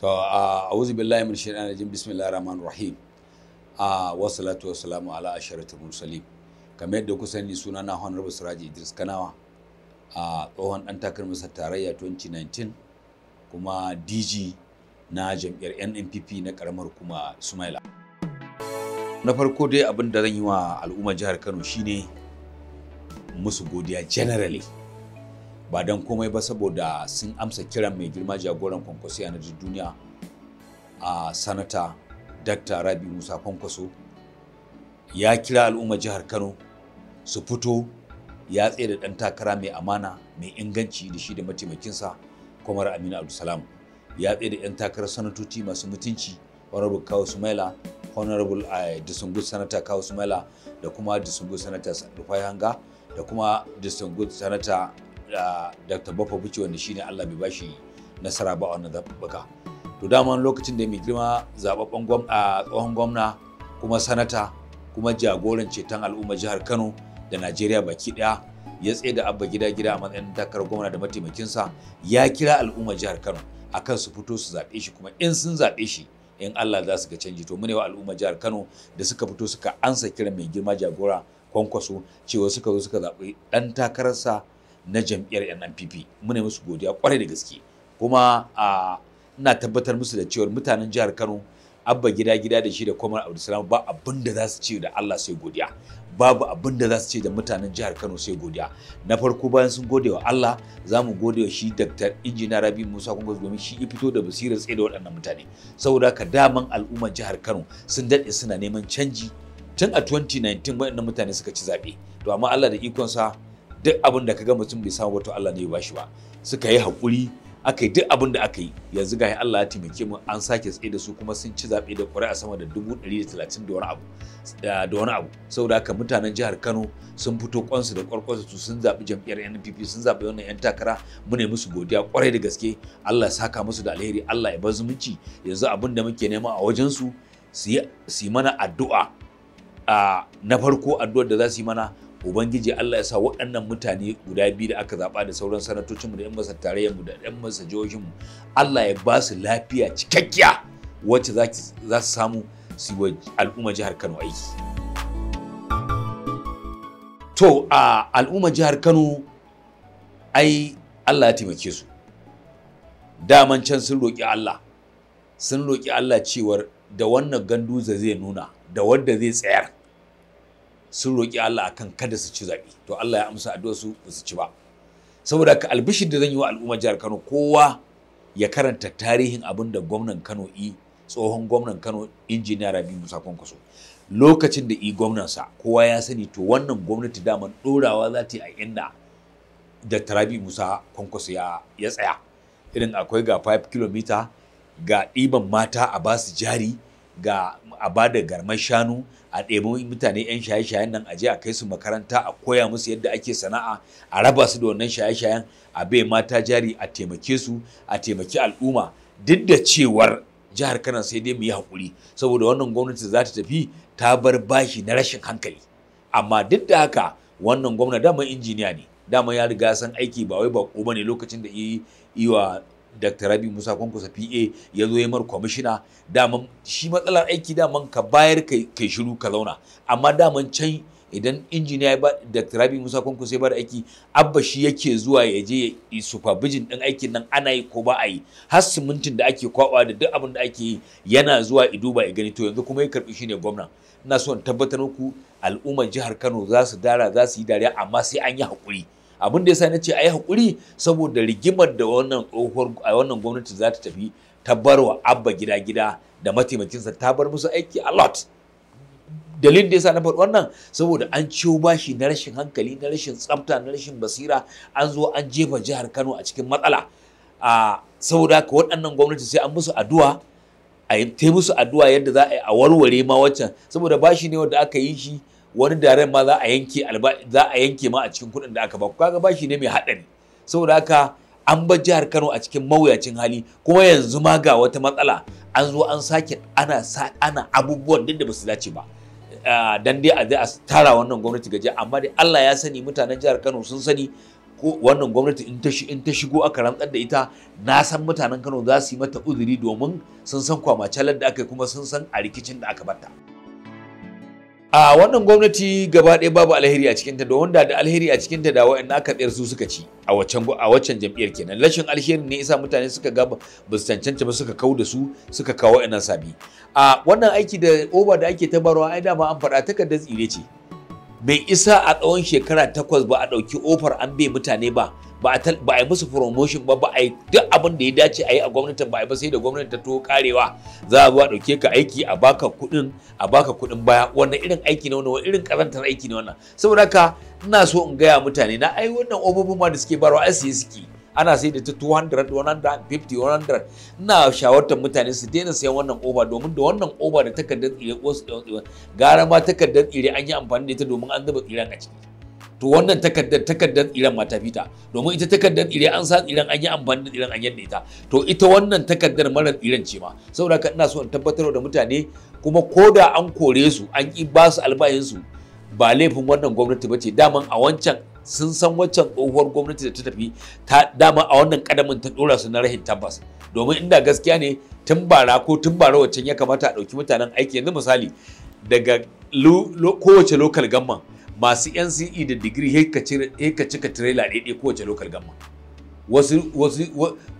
to a auzu billahi min shaitan rajim bismillahir rahmanir rahim a wassalatu wassalamu ala asharatul mursalin kamar yadda ku sani suna na honorable siraji idris kanawa a tsohon dan takarmasa tarayya 2019 kuma dg na jam'iyyar nnpp na karamar kuma sumaila na farko dai abin da zan yi wa al'ummar jihar kano shine musu godiya generally ba don komai ba saboda sun amsa kiran mai girma jagoran kwankwasiya na duniya a sanata dr rabi musa kwankwaso ya kira al'ummar jihar kano su fito ya tsaye da ɗan takara mai amana mai inganci da shi da mataimakinsa kwamar aminu abdulsalam ya tsaye da 'yan takarar sanatoci masu mutunci honorable kawo sumaila honorable eh, distinguished sanata kawo sumaila da kuma distinguished sanata rufai hanga da kuma distinguished sanata da Dr. Baffa Bucci wanda shine Allah bai bashi nasara ba wannan zaɓuɓɓuka. To dama lokacin da mai girma zababben gwamna tsohon gwamna kuma sanata kuma jagoran ceton al'umma jihar Kano da Najeriya baki ɗaya ya tsaye da abba gida gida a matsayin takarar gwamna da mataimakinsa ya kira al'umma jihar Kano akan su fito su zaɓe shi kuma in sun zaɓe shi in Allah za su ga canji to munewa al'umma jihar Kano da suka fito suka ansa kiran mai girma jagora kwankwaso cewa suka zo suka zaɓi ɗan takararsa na jam'iyyar NNPP muna musu godiya kwarai da gaske kuma a ina tabbatar musu da cewa mutanen jihar Kano abba gida gida da shi da kwamar abdulsalam ba abin da za su ce da Allah sai godiya babu abin da za su ce da mutanen jihar Kano sai godiya na farko bayan sun gode wa Allah za mu gode wa shi Dr. Injina Rabi Musa Kungos domin shi ya fito da basirar tsaye da waɗannan mutane saboda haka daman al'ummar jihar Kano sun daɗe suna neman canji tun a 2019 waɗannan mutane suka ci zaɓe to amma Allah da ikonsa duk abin da kaga mutum bai samu wato Allah ne ya shi ba suka yi hakuri aka duk abin da aka yi yanzu ga Allah ya taimake mu an sake tsaye da su kuma sun ci zaɓe da ƙuri'a sama da dubu ɗari da talatin da wani abu da wani abu saboda haka mutanen jihar Kano sun fito kwansu da ƙwarƙwarsu su sun zaɓi jam'iyyar NPP sun zabi wannan 'yan takara mu ne musu godiya ƙwarai da gaske Allah ya saka musu da alheri Allah ya bar zumunci yanzu abin da muke nema a wajen su su yi mana addu'a na farko addu'ar da za su yi mana ubangiji Allah ya sa waɗannan mutane guda biyu da aka zaɓa da sauran sanatocinmu da 'yan masa tarayyarmu da 'yan masa jihohinmu Allah ya ba su lafiya cikakkiya wacce za su samu su yi al'umma jihar Kano aiki. To a al'umma jihar Kano ai Allah ya taimake su. Daman can sun roƙi Allah. Sun roƙi Allah cewar da wannan ganduza zai nuna da wanda zai tsayar. sun roƙi Allah akan kada su ci zaɓi. to Allah ya amsa addu'ar su ba su ci ba saboda ka albishin da zan yi wa al'ummar jihar Kano kowa ya karanta tarihin abin da gwamnan Kano i tsohon gwamnan Kano injiniya Rabi Musa Kwankwaso lokacin da i sa kowa ya sani to wannan gwamnati daman ɗorawa za ta yi a inda da Rabi Musa Kwankwaso ya tsaya irin akwai ga 5 kilomita ga ɗiban mata a basu jari ga a ba da garmar shanu a ɗebo mutane 'yan shaye-shayen nan aje a kai su makaranta a koya musu yadda ake sana'a a raba su da wannan shaye-shayen a bai mata jari a taimake su a taimaki al'umma duk da cewar jihar Kano sai dai mu yi haƙuri saboda wannan gwamnati za ta tafi ta bar bashi na rashin hankali amma duk da haka wannan gwamna dama injiniya ne dama ya riga san aiki ba wai ba ko bane lokacin da yi wa Dr. Rabi Musa Kwankwasa PA ya zo yamar kwamishina daman shi matsalar aiki daman ka bayar kai shiru ka zauna amma daman can idan injiniya ba Dr. Rabi Musa Kwankwasa ya bada aiki abba shi yake zuwa ya je ya supervision din aikin nan ana yi ko ba a yi har simintin da ake kwabawa da duk abin da ake yi yana zuwa iduba duba ya gani to yanzu kuma ya karbi ne gwamna ina so in tabbatar muku al'ummar jihar Kano za su dara za su yi dariya amma sai an yi hakuri. abin da ya sa na ce a yi haƙuri saboda rigimar da wannan tsohuwar a wannan gwamnati za ta tafi ta bar wa abba gida gida da mataimakinsa ta bar musu aiki a lot dalilin da ya sa na faɗi wannan saboda an ciwo bashi na rashin hankali na rashin tsafta na rashin basira an zo an jefa jihar Kano a cikin matsala a saboda haka waɗannan gwamnati sai an musu addu'a a yi musu addu'a yadda za a yi a warware ma waccan saboda bashi ne wanda aka yi shi wani daren ma za a yanke za a yanke ma a cikin kuɗin da aka ba kaga bashi ne mai haɗari saboda haka an bar jihar Kano a cikin mawuyacin hali kuma yanzu ma ga wata matsala an zo an sake ana ana abubuwan duk da ba su dace ba dan dai a zai tara wannan gwamnati gaje amma dai Allah ya sani mutanen jihar Kano sun sani wannan gwamnati in ta in ta shigo aka rantsar da ita na san mutanen Kano za su yi mata uzuri domin sun san kwamacalar da aka yi kuma sun san a rikicin da aka bata. a wannan gwamnati gaba ɗaya babu alheri a cikinta da wanda da alheri a cikinta da wa'in aka tsayar su suka ci a waccan a waccan jam'iyyar kenan lashin alherin ne yasa mutane suka gaba ba su cancanta ba suka kau da su suka kawo wa'annan sabi a wannan aiki da oba da ake tabarwa ai dama an faɗa takardar tsire ce bai isa a tsawon shekara takwas ba a ɗauki ofar an bai mutane ba ba a yi musu promotion ba ba a yi duk abin da ya dace a yi a gwamnatin ba a yi ba sai da gwamnati ta to karewa za a zuwa ɗauke ka aiki a baka kuɗin a baka kudin baya wannan irin aiki ne wannan irin karantar aiki ne wannan saboda haka ina so in gaya mutane na ai wannan obobin ma da suke barwa ai sai suke ana sai da ta 200 150 100 ina shawartar mutane su daina sayan wannan oba domin da wannan oba da takardar tsire eh, eh, gara ma takardar tsire an yi amfani da ita domin an zuba tsiren a ciki to wannan takardar takardar tsiran ma ta fita domin ita takardar tsire an sa tsiran an yi amfani da tsiran an yadda ita to ita wannan takardar mara iran ce ma saboda ka ina so in tabbatar da mutane kuma ko da an kore su an ki ba su ba laifin wannan gwamnati ba ce daman a wancan sun san waccan tsohuwar gwamnati da ta tafi ta dama a wannan kadamin ta dora su na rahin tabbas domin inda gaskiya ne tun bara ko tun bara waccan ya kamata a ɗauki mutanen aiki yanzu misali daga kowace lokal gamman masu NCE da digiri ya ka cika tirela ɗaiɗai kowace local gama wasu wasu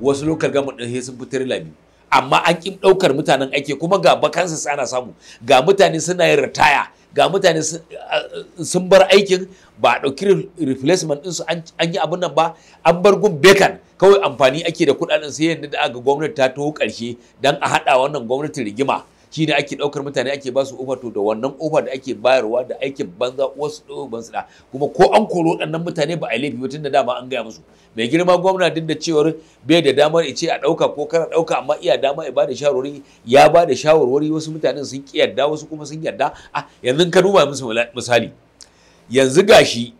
wasu local gama ɗin sun fi tirela biyu amma an ƙi ɗaukar mutanen ake kuma ga bakansa ana samu ga mutane suna yin retire ga mutane sun bar aikin ba a ɗauki replacement ɗinsu an yi abin nan ba an bar gun bekan kawai amfani ake da kuɗaɗen sai yadda da ga gwamnati ta taho ƙarshe don a haɗa wannan gwamnatin rigima shi ne ake ɗaukar mutane ake ba su ofa to da wannan ofa da ake bayarwa da aikin banza wasu ɗau ban da kuma ko an koro waɗannan mutane ba a laifi ba tun da dama an gaya musu mai girma gwamna duk da cewar bai da damar ce a ɗauka ko kana ɗauka amma iya dama ya ba da shawarwari ya ba da shawarwari wasu mutanen sun ƙi yarda wasu kuma sun yarda a yanzu ka duba musu misali yanzu gashi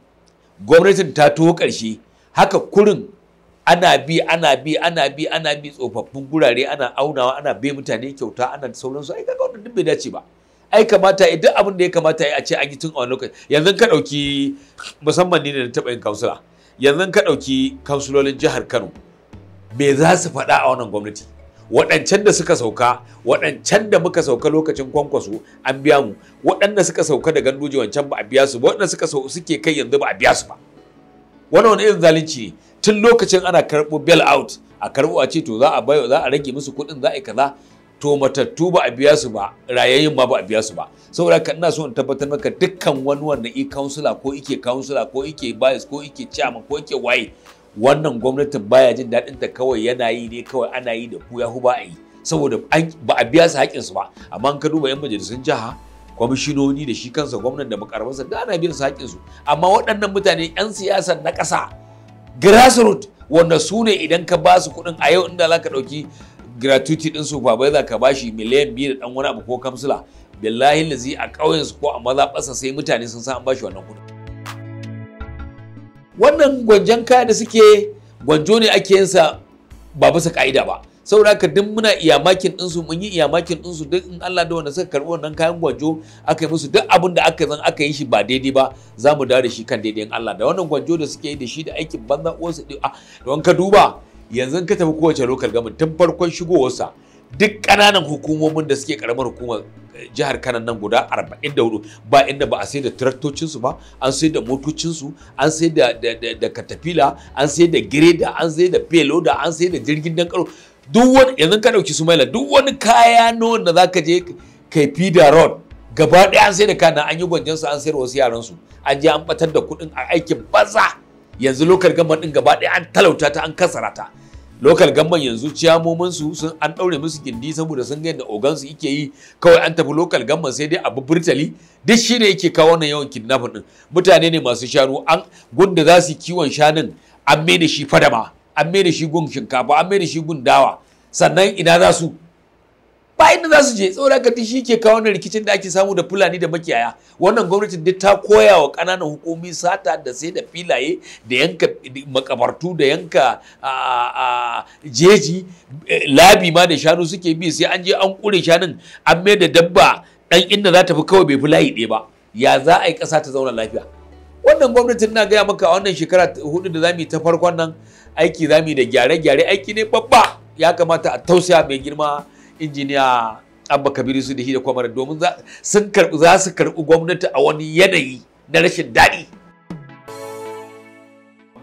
gwamnatin ta taho ƙarshe haka kurin ana bi ana bi ana bi ana bi tsofaffin gurare ana aunawa ana bai mutane kyauta ana sauransu ai kaga wannan duk bai dace ba ai kamata ya duk abin da ya kamata ya ce an yi tun a wani lokaci yanzu ka ɗauki musamman ni ne na taɓa yin kansula yanzu ka ɗauki kansulolin jihar kano me za su faɗa a wannan gwamnati waɗancan da suka sauka waɗancan da muka sauka lokacin kwankwaso an biya mu waɗanda suka sauka da ganduje wancan ba a biya su ba waɗanda suka suke kai yanzu ba a biya su ba wannan wani irin zalunci ne tun lokacin ana karɓo bail out a karɓo a ce to za a bayo za a rage musu kuɗin za a yi kaza to matattu ba a biya su ba rayayyun ma ba a biya su ba saboda haka ina so in tabbatar maka dukkan wani wanda i councilor ko ike councilor ko ike bias ko ike chairman ko ike waye wannan gwamnatin baya jin daɗin ta kawai yana yi ne kawai ana yi da ku ya ba a yi saboda ba a biya su haƙƙin su ba amma an ka duba yan majalisun jiha kwamishinoni da shi kansa gwamnan da makarabansa da ana biyan su haƙƙin su amma waɗannan mutane yan siyasa na ƙasa grassroots wanda su ne idan ka ba su kuɗin a yau inda za ka ɗauki gratuity ɗin za ka bashi miliyan biyu da ɗan wani abu ko kamsila billahi lazi a su ko a maza mazaɓarsa sai mutane sun san an bashi wannan kuɗin. wannan gwanjan kaya da suke gwanjo ne ake yin sa ba bisa ka'ida ba saboda haka duk muna iyamakin ɗinsu mun yi iyamakin ɗinsu duk in Allah da wanda suka karɓi wannan kayan gwajo aka yi musu duk abin da aka zan aka yi shi ba daidai ba za mu dawo da shi kan daidai in Allah da wannan gwajo da suke yi da shi da aikin banza uwarsu ɗin a don ka duba yanzu ka tafi kowace lokal gamin tun farkon shigowarsa duk ƙananan hukumomin da suke ƙaramar hukumar eh, jihar kanan nan guda 44 ba inda ba a sai da traktocinsu ba an sai da motocinsu an sai da katafila an sai da gireda an sai da peloda an sai da jirgin dankaro duk wani yanzu ka dauki sumaila duk wani kaya nonon da zaka je kai da road gaba ɗaya an sai da kana an yi gwanjan su an sayar wasu yaran su an je an batar da kuɗin a aikin baza yanzu lokal gamman din gaba ɗaya an talauta ta an kasara ta lokal gamman yanzu ciyamomin su sun an daure musu gindi saboda sun ga yadda ogan su yake yi kawai an tafi lokal gamman sai dai abu burtali duk shi ne yake kawo wannan yawan kidnapping din mutane ne masu shanu an gunda za su kiwon shanun an mai da shi fadama an mai da shi gun shinkafa an mai da shi gun dawa sannan ina za su ba inda za su je tsoron kati shi ke kawo wannan rikicin da ake samu da fulani da makiyaya wannan gwamnatin duk ta koya wa ƙananan hukumi sata da sai da filaye da yanka makabartu da yanka jeji labi ma da shanu suke bi sai an je an ƙure shanun an mai da dabba dan inda za ta fi kawai bai fi layi ɗaya ba ya za a yi ƙasa ta zauna lafiya wannan gwamnatin na gaya maka a wannan shekara hudu da za mu yi ta farkon nan aiki zami da gyare-gyare aiki ne babba ya kamata a tausaya mai girma injiniya abba kabiru su da shi da kwamar domin sun za su karɓi gwamnati a wani yanayi na rashin daɗi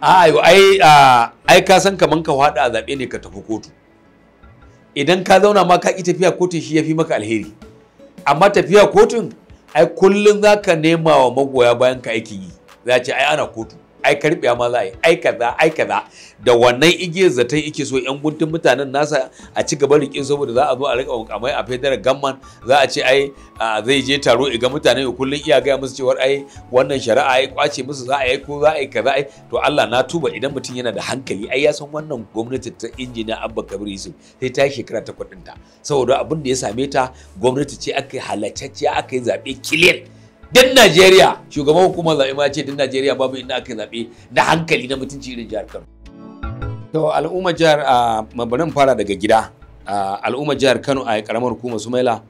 ayo ai ai ka san kaman ka hada a zaɓe ne ka tafi kotu idan ka zauna ma ka ƙi tafiya kotun shi ya fi maka alheri amma tafiya kotun ai kullum za ka nema wa magoya bayan ka aiki yi za ce ai ana kotu ai karbiya ma za a yi ai kaza ai kaza da wannan igiyar zaton yake so yan guntun mutanen nasa a ci gaba riƙe saboda za a zo a rika mukamai a federal gamman za a ce ai zai je taro iga mutane ya kullun iya gaya musu cewar ai wannan shari'a ai kwace musu za a yi ko za a yi kaza ai to Allah na tuba idan mutum yana da hankali ai ya san wannan gwamnati ta injiniya Abba Kabir Yusuf sai ta yi shekara ta kuɗinta saboda abin da ya same ta gwamnati ce aka halaccacciya aka yi zaɓe kiliyar din Najeriya shugaban hukumar zaɓe ma ce Dan Najeriya babu inda aka zaɓe da hankali na mutunci irin jihar Kano. To al'ummar jihar a mabarin fara daga gida al'ummar jihar Kano a karamar hukumar Sumaila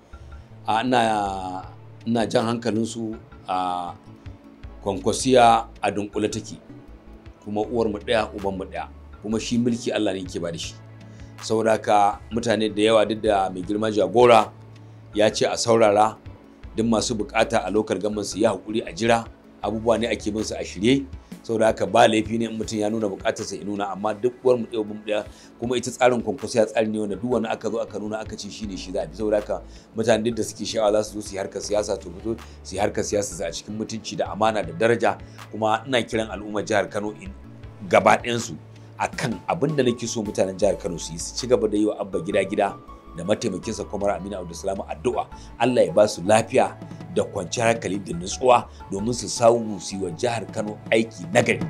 ina ina jan su a kwankwasiya a dunkule take kuma uwar mu ɗaya uban mu ɗaya kuma shi mulki Allah ne yake ba shi saboda mutane da yawa duk da mai girma jagora ya ce a saurara duk masu bukata a lokar gaman su ya hakuri a jira abubuwa ne ake bin su a shirye saboda haka ba laifi ne in mutum ya nuna sa ya nuna amma duk uwar mu ɗaya mun ɗaya kuma ita tsarin kwankwaso ya tsari ne wanda duk wani aka zo aka nuna aka ce shine shi za a bi saboda haka mutane duk da suke sha'awa za su zo su yi harkar siyasa to fito su yi harkar siyasa a cikin mutunci da amana da daraja kuma ina kiran al'ummar jihar Kano gaba su akan abin da nake so mutanen jihar Kano su yi su ci gaba da yi wa abba gida gida da mataimakinsa kwamar Aminu abdulsalam addu'a allah ya ba su lafiya da kwanciyar hankali da nutsuwa domin su samu su yi wa jihar kano aiki nagari.